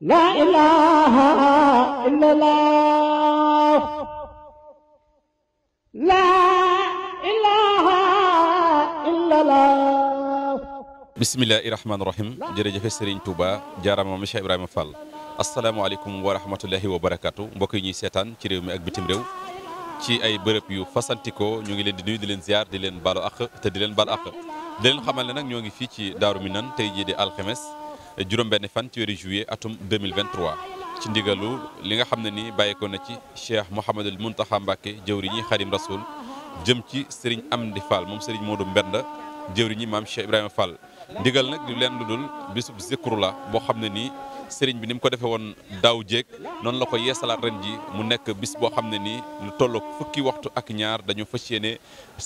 la ilaha illallah la ilaha illallah bismillahi rahmaani rahim jërëjëfe Serigne Touba jaarama ma Cheikh Ibrahima Fall asalaamaaleykum wa rahmatullahi wa barakatu mbokk yi ñuy seetaan ci réew mi ak bitim réew ci ay bërëb yu fasantikoo ñu ngi leen di nuyu di leen ziar di leen baalu àq di leen baal àq di xamal ne nag ñoo ngi fii ci Daaru Minaan tey jii di alxemes juróom-benn fan ci weeru juillet atum 2023 ci ndigalu li nga xam ne ni bàyyeekoo na ci Cheikh Mouhamadul Mountakha Mbacké jëwriñi Xadim Rasoul jëm ci am Amdi Fall moom Serigne Modou Mbenda jëwriñi maam Cheikh Ibrahima Fall ndigal nag du leen lu dul bisub zikru la boo xam ne nii sëriñ bi ni mu ko defee woon daaw jéeg noonu la ko yeesalaat ren ji mu nekk bis boo xam ne nii lu tolloog fukki waxtu ak ñaar dañu fas yéene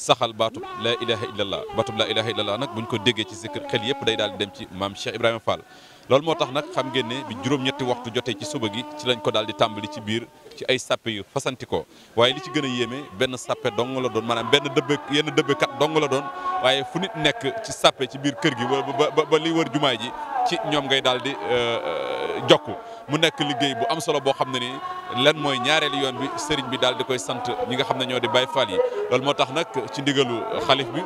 saxal baatub laa ilaha illallah baatub laa ilaha illallah nag buñ ko déggee ci zikr xel yëpp day daal di dem ci maam Cheikh Ibrahima Fall loolu moo tax nag xam ngeen ne bi juróom-ñetti waxtu jotee ci suba gi ci lañ ko daal di tàmbali ci biir ci ay sappe yu fasantikoo waaye li ci gën yéeme benn sappe dong la doon maanaam benn dëbbe yenn kat dong la doon waaye fu nit nekk ci sappe ci biir kër gi ba ba li wër jumaa ji ci ñoom ngay daal di euh, euh, jokk mu nekk liggéey bu am solo boo xam ne ni lan mooy ñaareel yoon bi sëriñ bi daal di koy sant ñi nga xam ne ñoo di Baye Fall yi loolu moo tax nag ci ndigalu xalif bi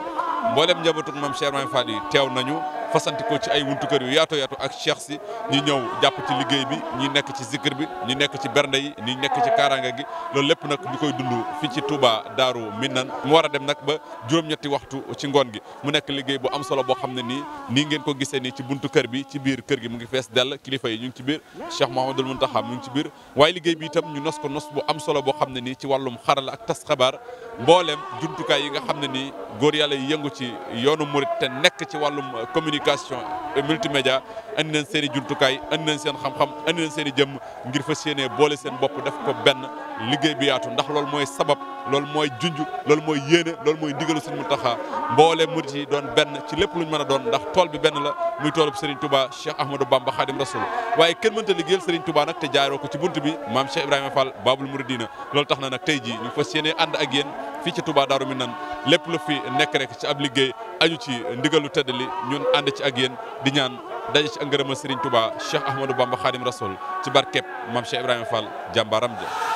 mboolem njabootu moom Cheikh Ibrahima yi teew nañu fasanti ko ci ay wuntu kër yu yaato yaatu ak cheikh si ñu ñëw jàpp ci liggéey bi ñu nekk ci zikr bi ñu nekk ci bernde yi ñu nekk ci kaaraanga gi loolu lépp nag ñu koy dund fii ci Touba Daaru Minnan mu war a dem nag ba juróom-ñetti waxtu ci ngoon gi mu nekk liggéey bu am solo boo xam ne nii nii ngeen ko gisee nii ci buntu kër bi ci biir kër gi mu ngi fees dell kilifa yi ñu ngi ci biir Cheikh Mouhamadoul Mountakha mu ngi ci biir waaye liggéey bi itam ñu nos nos bu am solo boo xam ne nii ci wàllum xarala ak tas xabaar mbooleem jumtukaay yi nga xam ne nii góor yàlla yi yëngu ci yoonu murit te nekk ci communication et multimédia andi nañ seen i jumtukaay nañ seen xam-xam andi nañ seen i jëmm ngir fas yéenee boole seen bopp def ko benn liggéey bi yaatu ndax loolu mooy sabab loolu mooy junj loolu mooy yéene loolu mooy ndigalu Sëriñ Muntaxa mboole murit yi doon benn ci lépp luñ mën a doon ndax tool bi benn la muy toolub Serigne Touba Cheikh Ahmadou ba Khadim Rasoul waaye kenn mënta liggéeyal Serigne Touba nag te jaaroo ko ci bunt bi maam Cheikh Ibrahima Fall Babul Mouridina na nag tey jii ñu fas yéenee ànd ak yéen fii lépp lu fi nekk rek ci ab liggéey aju ci ndigalu tëdd li ñun ànd ci ak yéen di ñaan daje ci ak ngërëmal Serigne Touba Cheikh Ahmadou Bamba Khadim Rasoul ci barkeb Mame Cheikh Ibrahima Fall jàmbaaram ja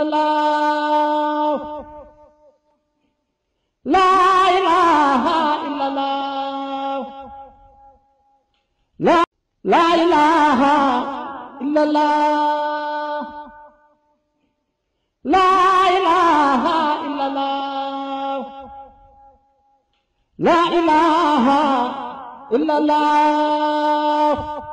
illallah la ilaha illallah la la ilaha illallah la ilaha illallah la ilaha illallah